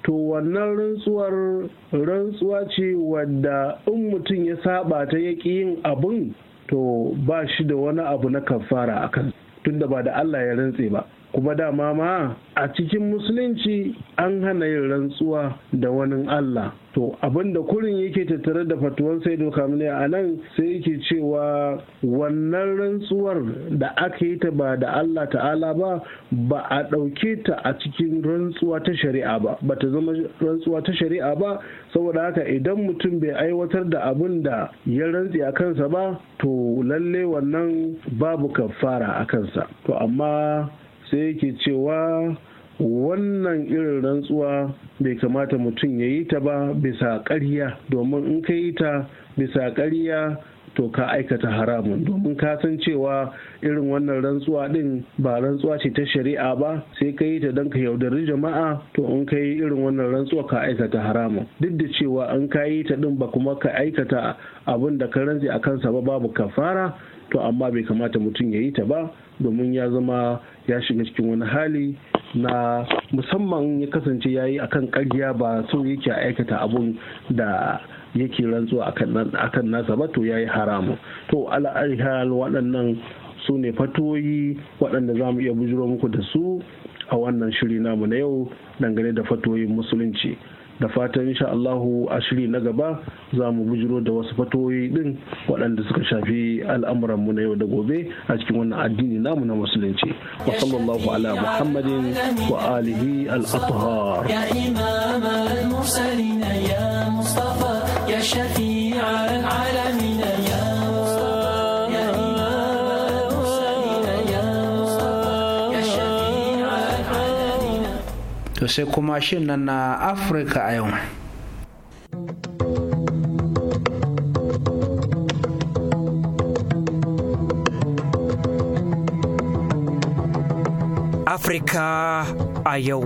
K: to wannan rantsuwar rantsuwa ce wadda in mutum ya saba ta ya yin abin to ba shi da wani abu na kafara akan tunda ba da Allah ya rantse ba kuma dama ma a cikin musulunci an hana yin rantsuwa da wani Allah to abinda kurin yake tattare da fatuwan sai kamune a nan sai yake cewa wannan rantsuwar da aka yi ta ba da Allah ta'ala ba ba a ɗauke ta a cikin rantsuwa ta shari'a ba ba ta zama rantsuwa ta shari'a ba saboda haka idan mutum bai aiwatar da abin da ya rantsi a kansa ba to lalle wannan babu kafara a kansa to amma sai yake cewa wannan irin rantsuwa bai kamata mutum ya yi ta ba bisa ƙarya domin in ka yi ta bisa ƙarya to ka aikata haramun domin ka san cewa irin wannan rantsuwa din ba rantsuwa ce ta shari'a ba sai ka yi ta don ka yaudari jama'a to in ka yi irin wannan rantsuwa ka aikata haramun duk da cewa in ka yi ta din ba kuma ka aikata abin da ka rantse a kansa ba babu kafara to amma bai kamata mutum ya yi ta ba domin ya zama ya shiga cikin wani hali na musamman ya kasance ya yi akan karya ba so yake aikata abun da yake rantsuwa akan nasa ba to ya yi haramu to al'arihal waɗannan su ne fatoyi waɗanda za mu iya bujiro muku da su a wannan shiri namu na yau dangane da fatoyin musulunci da fatan insha Allahu a shiri na gaba za mu bujiro da wasu fatoyi din waɗanda suka shafi al'amuran mu na yau da gobe a cikin wannan addini namu na musulunci wa sallallahu ala muhammadin wa alihi al-athhar ya
L: imam al-mursalin ya mustafa ya shafi'a al-alamin ya
C: sai kuma shin nan na afirka a yau
F: afirka a yau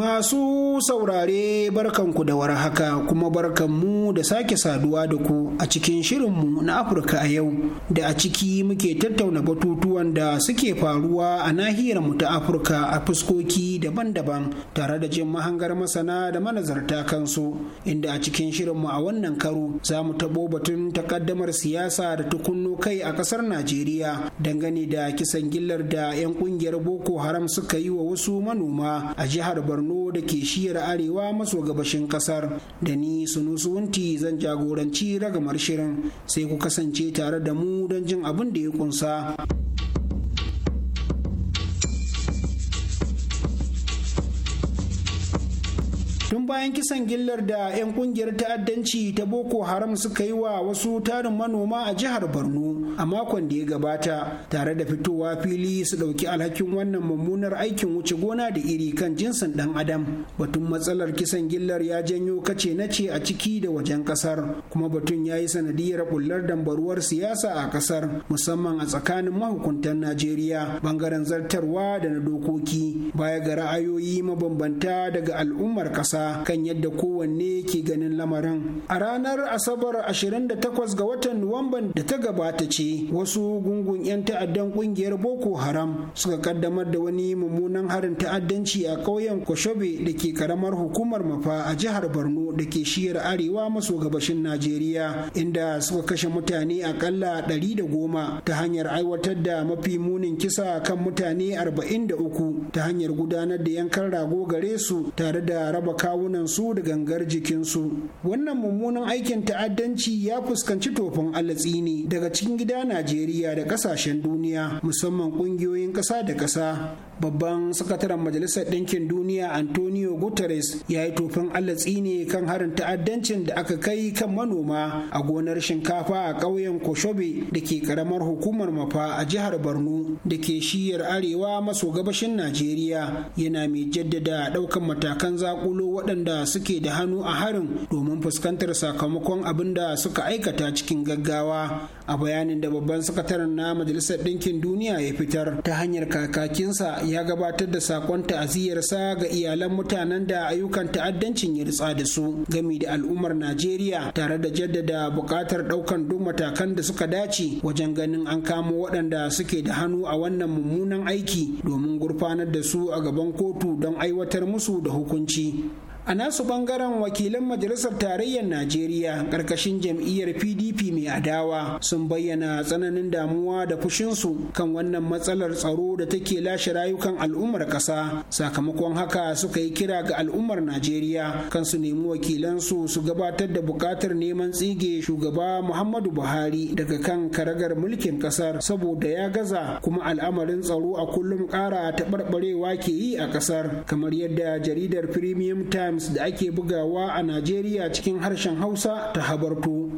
M: Masu saurare barkanku da warhaka kuma barkanmu da sake saduwa da ku a cikin shirinmu na Afirka a yau da a ciki muke tattauna batutuwan da suke faruwa a nahiyar mu ta Afirka a fuskoki daban-daban tare da jin mahangar masana da manazarta kansu inda a cikin shirinmu a wannan karo za mu tabo batun takaddamar siyasa da tukunno kai a kasar Najeriya dangane da kisan gillar da 'yan kungiyar Boko Haram suka yi wa wasu manoma a jihar Borno borno da ke shiyar arewa maso gabashin kasar da ni sunusunti zan jagoranci ragamar shirin sai ku kasance tare da mu don jin abin da ya kunsa. tun bayan kisan gillar da 'yan kungiyar ta'addanci ta boko haram suka yi wa wasu tarin manoma a jihar borno a makon da ya gabata tare da fitowa fili su ɗauki alhakin wannan mummunar aikin wuce gona da iri kan jinsin ɗan adam batun matsalar kisan gillar ya janyo kace na ce a ciki da wajen ƙasar kuma batun ya yi sanadiyar bullar dambaruwar siyasa a ƙasar musamman a tsakanin mahukuntan najeriya bangaren zartarwa da na dokoki baya ga ra'ayoyi mabambanta daga al'ummar ƙasa kan yadda kowanne ke ganin lamarin a ranar asabar 28 ga watan nuwamban da ta gabata ce wasu gungun 'yan ta'addan kungiyar boko haram suka kaddamar da wani mummunan harin ta'addanci a ƙauyen koshobe da ke karamar hukumar mafa a jihar borno da ke shiyar arewa maso gabashin najeriya inda suka kashe mutane akalla ɗari da goma ta hanyar aiwatar da mafi munin kisa kan mutane arba'in da uku ta hanyar gudanar da yankan rago gare su tare da raba kawunan su da gangar jikinsu wannan mummunan aikin ta'addanci ya fuskanci tofin alatsi ne daga cikin gida najeriya da kasashen duniya musamman ƙungiyoyin ƙasa da ƙasa babban sakataren majalisar ɗinkin duniya antonio guterres ya yi tofin allatsi ne kan harin ta'addancin da aka kai kan manoma a gonar shinkafa a ƙauyen koshobe da ke ƙaramar hukumar mafa a jihar borno da ke shiyar arewa maso gabashin najeriya yana mai jaddada ɗaukan matakan zakulo waɗanda suke da hannu a harin domin fuskantar sakamakon abin da suka aikata cikin gaggawa a bayanin da babban sakataren na majalisar ɗinkin duniya ya fitar ta hanyar kakakinsa ya gabatar da sakon ta'aziyarsa ga iyalan mutanen da ayyukan ta'addancin ya ritsa da su gami da al'ummar najeriya tare da jaddada buƙatar ɗaukan duk matakan da suka dace wajen ganin an kamo waɗanda suke da hannu a wannan mummunan aiki domin gurfanar da su a gaban kotu don aiwatar musu da hukunci a nasu bangaren wakilan majalisar tarayyar najeriya ƙarƙashin jam'iyyar pdp mai adawa sun bayyana tsananin damuwa da fushinsu kan wannan matsalar tsaro da take lashe rayukan al'ummar ƙasa sakamakon haka suka yi kira ga al'ummar najeriya kan su nemi wakilansu su gabatar da buƙatar neman tsige shugaba muhammadu buhari daga kan karagar mulkin ƙasar saboda ya gaza kuma al'amarin tsaro a kullum ƙara taɓarɓarewa ke yi a ƙasar kamar yadda jaridar premium time times da ake bugawa a najeriya cikin harshen hausa ta habarto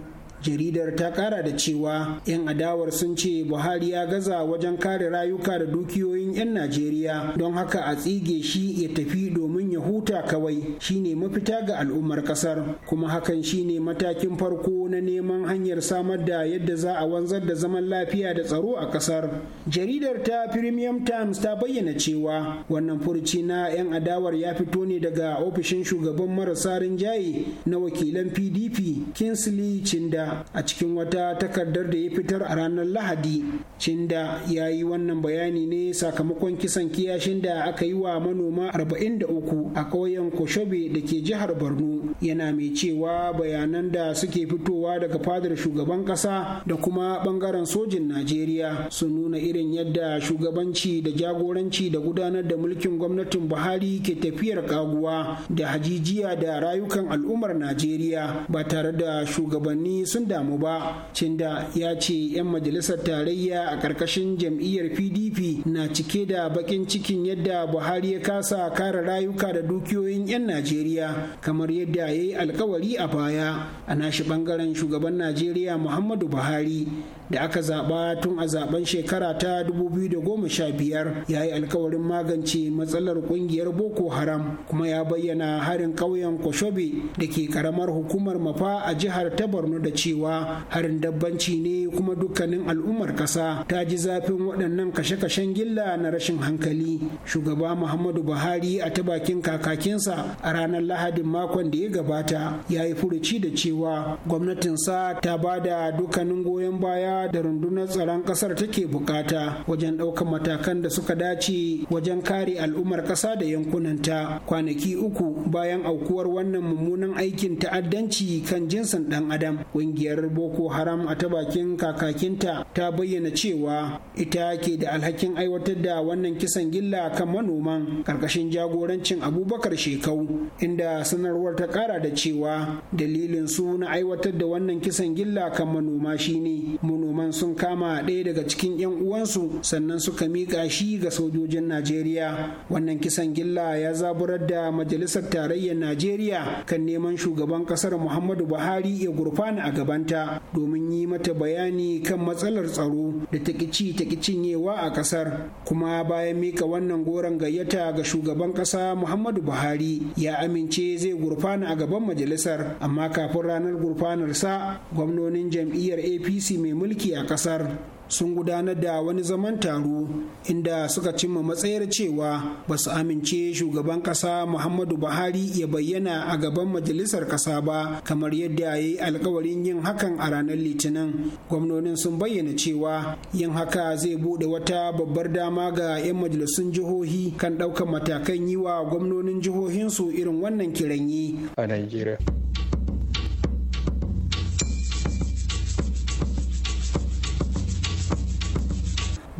M: jaridar ta kara da cewa 'yan adawar sun ce buhari ya gaza wajen kare rayuka da dukiyoyin 'yan najeriya don haka a tsige shi ya tafi domin ya huta kawai shine mafita ga al'ummar kasar kuma hakan shine matakin farko na neman hanyar samar da yadda za a wanzar da zaman lafiya da tsaro a kasar jaridar ta premium times ta bayyana cewa wannan furuci na 'yan adawar ya fito ne daga ofishin shugaban marasa rinjaye na wakilan pdp kinsley chinda a cikin wata takardar da ya fitar a ranar lahadi Cinda ya yi wannan bayani ne sakamakon kisan kiyashin da aka yi wa manoma 43 a ƙauyen koshobe da ke jihar borno yana mai cewa bayanan da suke fitowa daga fadar shugaban ƙasa da kuma ɓangaren sojin najeriya sun nuna irin yadda shugabanci da jagoranci da gudanar da mulkin gwamnatin buhari ke tafiyar kaguwa da hajijiya da rayukan al'ummar najeriya ba tare da shugabanni sun sun damu ba cinda ya ce 'yan majalisar tarayya a ƙarƙashin jam'iyyar pdp na cike da baƙin cikin yadda buhari ya kasa kare rayuka da dukiyoyin 'yan najeriya kamar yadda ya yi alkawari a baya a nashi ɓangaren shugaban najeriya muhammadu buhari da aka zaba tun a zaben shekara ta 2015 ya yi alkawarin magance matsalar ƙungiyar boko haram kuma ya bayyana harin ƙauyen koshobe da ke karamar hukumar mafa a jihar ta borno da cewa harin dabbanci ne kuma dukkanin al'ummar ƙasa ta ji zafin waɗannan kashe-kashen gilla na rashin hankali shugaba muhammadu buhari a ta bakin kakakinsa a ranar lahadin makon da ya gabata ya yi furuci da cewa gwamnatinsa ta ba da dukkanin goyon baya da rundunar tsaron kasar take bukata wajen ɗaukar matakan da suka dace wajen kare al'ummar ƙasa da yankunanta kwanaki uku bayan aukuwar wannan mummunan aikin ta'addanci kan jinsin ɗan adam ƙungiyar boko haram a ta bakin kakakinta ta bayyana cewa ita ke da alhakin aiwatar da wannan kisan gilla kan manoman ƙarƙashin jagorancin abubakar shekau inda sanarwar ta ƙara da cewa dalilin su na aiwatar da wannan kisan gilla kan manoma shine manoma manoman sun kama ɗaya daga cikin 'yan uwansu sannan suka miƙa shi ga sojojin najeriya wannan kisan gilla ya zaburar da majalisar tarayyar najeriya kan neman shugaban ƙasar muhammadu buhari ya gurfana a gabanta domin yi mata bayani kan matsalar tsaro da takici takicinyewa a ƙasar kuma bayan mika wannan goron gayyata ga shugaban ƙasa muhammadu buhari ya amince zai gurfana a gaban majalisar amma kafin ranar gurfanarsa gwamnonin jam'iyyar apc mai mulki mulki a kasar sun gudanar da wani zaman taro inda suka cimma matsayar cewa ba su amince shugaban kasa muhammadu buhari ya bayyana a gaban majalisar kasa ba kamar yadda ya yi alkawarin yin hakan a ranar litinin gwamnonin sun bayyana cewa yin haka zai bude wata babbar dama ga 'yan majalisun jihohi kan ɗaukar matakan yi wa gwamnonin jihohinsu irin wannan kiranyi
D: a najeriya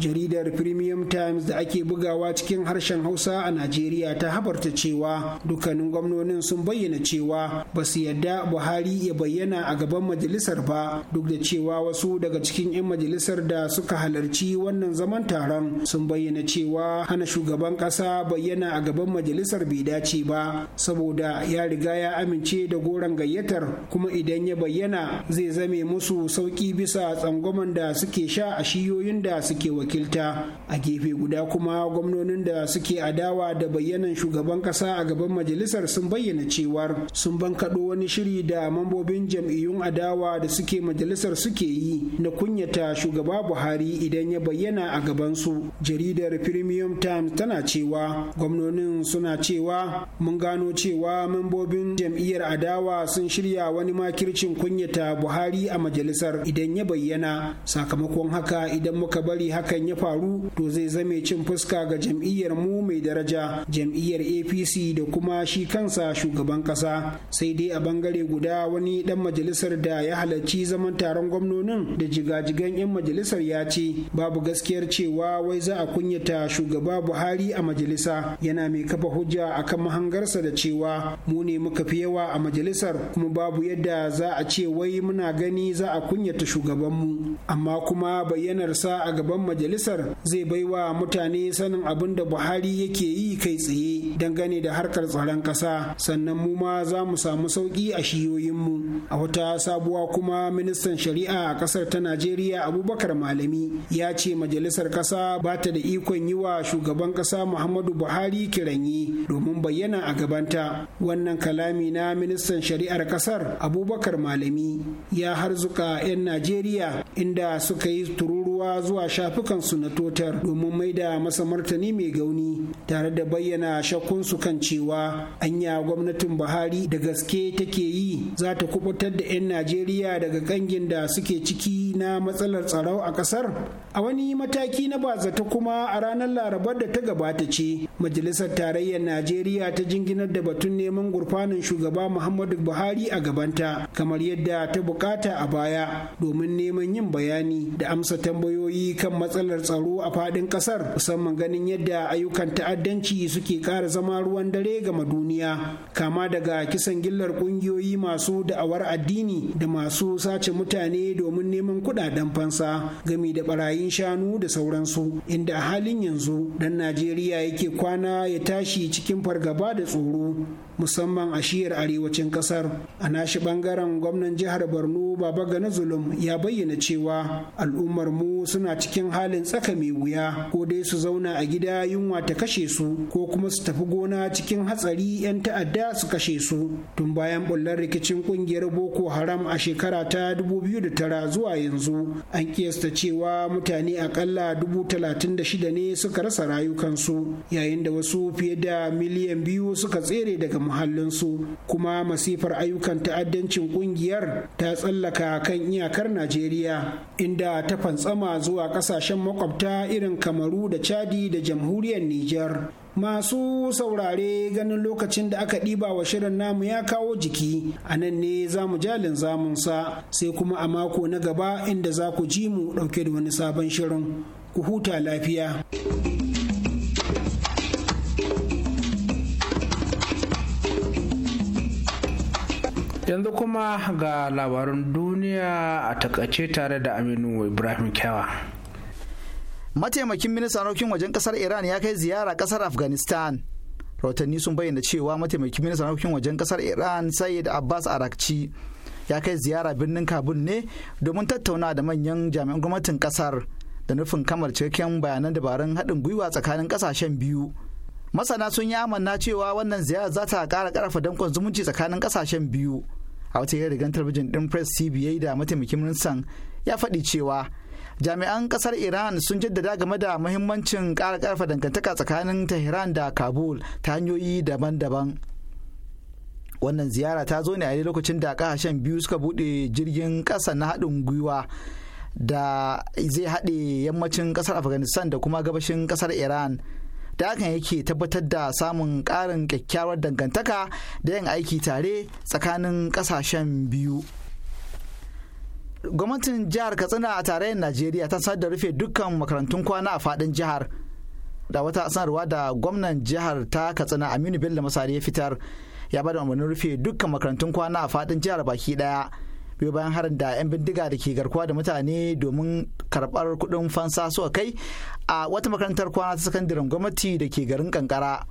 M: jaridar premium times da ake bugawa cikin harshen hausa a najeriya ta habarta cewa dukkanin gwamnonin sun bayyana cewa ba su yadda buhari ya bayyana a gaban majalisar ba duk da cewa wasu daga cikin 'yan majalisar da suka halarci wannan zaman taron sun bayyana cewa hana shugaban ƙasa bayyana a gaban majalisar bai dace ba saboda ya riga ya amince da goron gayyatar kuma idan ya bayyana zai zame musu sauƙi bisa tsangwaman da suke sha a shiyoyin da suke wakil wakilta a gefe guda kuma gwamnonin da suke adawa da bayyanan shugaban kasa a gaban majalisar sun bayyana cewar sun bankaɗo wani shiri da mambobin jam'iyyun adawa da suke majalisar suke yi na kunyata shugaba buhari idan ya bayyana a gaban su jaridar premium times tana cewa gwamnonin suna cewa mun gano cewa mambobin jam'iyyar adawa sun shirya wani makircin kunyata buhari a majalisar idan ya bayyana sakamakon haka idan muka bari hakan hakan ya faru to zai zame cin fuska ga jam'iyyar mu mai daraja jam'iyyar apc da kuma shi kansa shugaban kasa sai dai a bangare guda wani dan majalisar da ya halarci zaman taron gwamnonin da jigajigan 'yan majalisar ya ce babu gaskiyar cewa wai za a kunyata shugaba buhari a majalisa yana mai kafa hujja akan mahangarsa da cewa mu ne muka fi yawa a majalisar kuma babu yadda za a ce wai muna gani za a kunyata shugabanmu amma kuma bayyanarsa a gaban majalisar majalisar zai bai wa mutane sanin abin da buhari yake yi kai tsaye dangane da harkar tsaron ƙasa sannan mu ma za mu samu sauƙi a shiyoyinmu a wata sabuwa kuma ministan shari'a a ƙasar ta najeriya abubakar malami ya ce majalisar ƙasa ba ta da ikon yi wa shugaban ƙasa muhammadu buhari kiranyi domin bayyana a gabanta wannan kalami na ministan shari'ar ƙasar abubakar malami ya harzuka 'yan najeriya inda suka yi tururu aikewa zuwa shafukan su na totar domin maida masa martani mai gauni tare da bayyana shakkunsu kan cewa anya gwamnatin buhari da gaske take yi za ta kubutar da 'yan najeriya daga kangin da suke ciki na matsalar tsaro a kasar a wani mataki na ba zata kuma a ranar larabar da ta gabata ce majalisar tarayyar najeriya ta jinginar da batun neman gurfanin shugaba muhammadu buhari a gabanta kamar yadda ta bukata a baya domin neman yin bayani da amsa tambayoyi tambayoyi kan matsalar tsaro a fadin ƙasar musamman ganin yadda ayyukan ta'addanci suke ƙara zama ruwan dare ga maduniya kama daga kisan gillar ƙungiyoyi masu da'awar addini da masu sace mutane domin neman kuɗaɗen fansa gami da barayin shanu da sauransu inda a halin yanzu dan najeriya yake kwana ya tashi cikin fargaba da tsoro musamman a shiyar arewacin kasar a nashi bangaren gwamnan jihar borno baba gana zulum ya bayyana cewa al'ummar mu suna cikin halin tsaka mai wuya ko dai su zauna a gida yunwa ta kashe su ko kuma su tafi gona cikin hatsari 'yan ta'adda su kashe su tun bayan bullar rikicin kungiyar boko haram a shekara ta da tara zuwa yanzu an kiyasta cewa mutane akalla shida ne suka rasa rayukansu yayin da wasu fiye da miliyan biyu suka tsere daga muhallinsu kuma masifar ayyukan ta'addancin kungiyar ta tsallaka kan iyakar najeriya inda ta fantsama zuwa kasashen makwabta irin kamaru da chadi da jamhuriyar niger masu saurare ganin lokacin da aka ɗiba wa shirin namu ya kawo jiki a nan ne za mu jalin zamunsa sai kuma a mako na gaba inda za ku ji mu ɗauke da wani sabon shirin ku huta lafiya.
C: yanzu kuma ga
E: labarin duniya a takace tare da aminu ibrahim kyawa mataimakin ministan harkokin wajen kasar iran ya kai ziyara kasar afghanistan rahotanni sun bayyana cewa mataimakin ministan harkokin wajen kasar iran sayyid abbas arakci ya kai ziyara birnin kabul ne domin tattauna da manyan jami'an gwamnatin kasar da nufin kamar cikakken bayanan dabarun haɗin gwiwa tsakanin ƙasashen biyu masana sun yi amanna cewa wannan ziyara za ta ƙara ƙarfa danƙon zumunci tsakanin ƙasashen biyu a wata yadda rigar talabijin ɗin press cba da mataimakin ministan ya faɗi cewa jami'an kasar iran sun jaddada game da muhimmancin ƙara ƙarfa dangantaka tsakanin tehran da kabul ta hanyoyi daban-daban wannan ziyara ta zo ne a lokacin da ƙasashen biyu suka buɗe jirgin ƙasa na haɗin gwiwa da zai haɗe yammacin ƙasar afghanistan da kuma gabashin ƙasar iran da hakan yake tabbatar da samun ƙarin kyakkyawar dangantaka da yin aiki tare tsakanin kasashen biyu gwamnatin jihar katsina a tarayyar najeriya ta sanar da rufe dukkan makarantun kwana a fadin jihar da wata sanarwa da gwamnan jihar ta katsina aminu bello masari ya fitar ya bada umarnin rufe dukkan makarantun kwana a fadin jihar baki daya. biyo bayan harin da 'yan bindiga da ke garkuwa da mutane domin karɓar kuɗin fansa a kai a wata makarantar kwana ta sakandaren gwamnati da ke garin kankara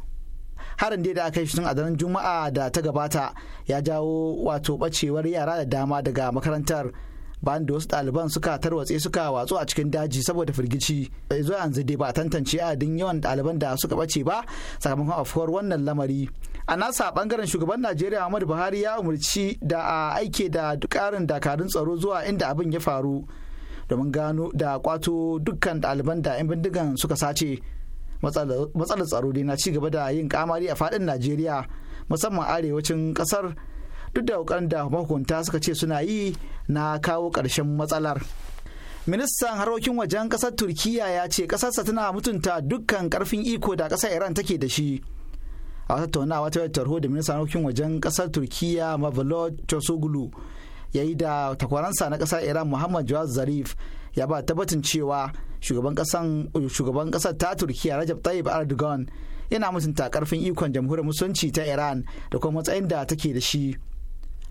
E: harin da aka yi shi a daren juma'a da ta gabata ya jawo wato bacewar yara da dama daga makarantar bayan da wasu ɗaliban suka tarwatse suka watsu a cikin daji saboda firgici bai eh, zuwa yanzu dai ba a tantance adadin yawan ɗaliban da suka ɓace ba sakamakon afuwar wannan lamari a nasa bangaren shugaban najeriya muhammadu buhari ya umarci da a aike da ƙarin dakarun tsaro zuwa inda abin ya faru domin gano da kwato dukkan ɗaliban da 'yan bindigan suka sace matsalar tsaro dai na ci gaba da yin kamari a faɗin najeriya musamman arewacin ƙasar duk da kokarin da mahukunta suka ce suna yi na kawo ƙarshen matsalar ministan harkokin wajen ƙasar turkiyya ya ce ƙasarsa tana mutunta dukkan ƙarfin iko da ƙasar iran take da shi a wata tattaunawa ta tarho da ministan harkokin wajen ƙasar turkiyya mavlod tosoglu ya yi da takwaransa na ƙasar iran muhammad jawad zarif ya ba tabbatin cewa shugaban ƙasar ta turkiyya rajab tayyip erdogan yana mutunta karfin ikon jamhuriyar musulunci ta iran da kuma matsayin da take da shi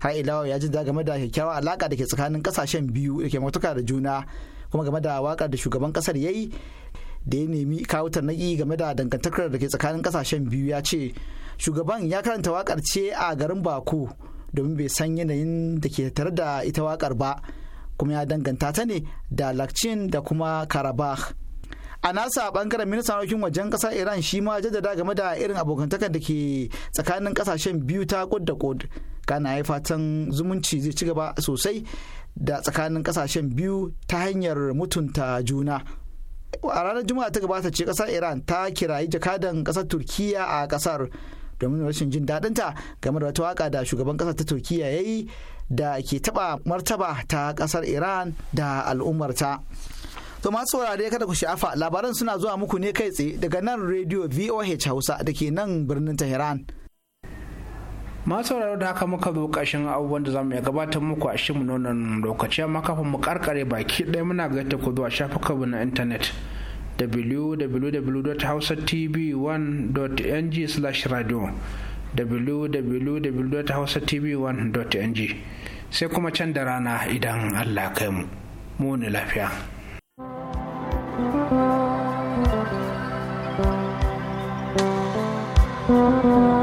E: har ilawa ya da game da kyakkyawar alaka da ke tsakanin kasashen biyu da ke matuka da juna kuma game da wakar da shugaban kasar ya yi da ya nemi kawo tarnaki game da dangantakar da ke tsakanin kasashen biyu ya ce shugaban ya karanta wakar ce a garin baku domin bai san yanayin da ke tare da ita wakar ba kuma ya danganta ta ne da lakcin da kuma karabakh a nasa bangaren ministan harkokin wajen kasar iran shi ma jaddada game da irin abokantakar da ke tsakanin kasashen biyu ta kud da kud kana ya fatan zumunci zai ci gaba sosai da tsakanin kasashen biyu ta hanyar mutunta juna a ranar juma'a ta gabata ce kasar iran ta kirayi jakadan kasar turkiya a kasar domin rashin jin daɗinta game da wata waka da shugaban kasar ta turkiya ya yi da ke taba martaba ta kasar iran da al'ummarta. To masu saurare kada ku sha'afa labaran suna zuwa muku ne kai tsaye daga nan rediyo VOH Hausa da ke nan birnin Tehran. Masu sauraro da haka muka zo ƙarshen abubuwan da za mu iya gabatar muku a
C: mu nonon lokaci amma kafin mu karkare baki ɗaya muna gaita ku zuwa shafukanmu na intanet www.hausatv1.ng/radio www.hausatv1.ng sai kuma can da rana idan Allah kai Mu ne lafiya.
L: Música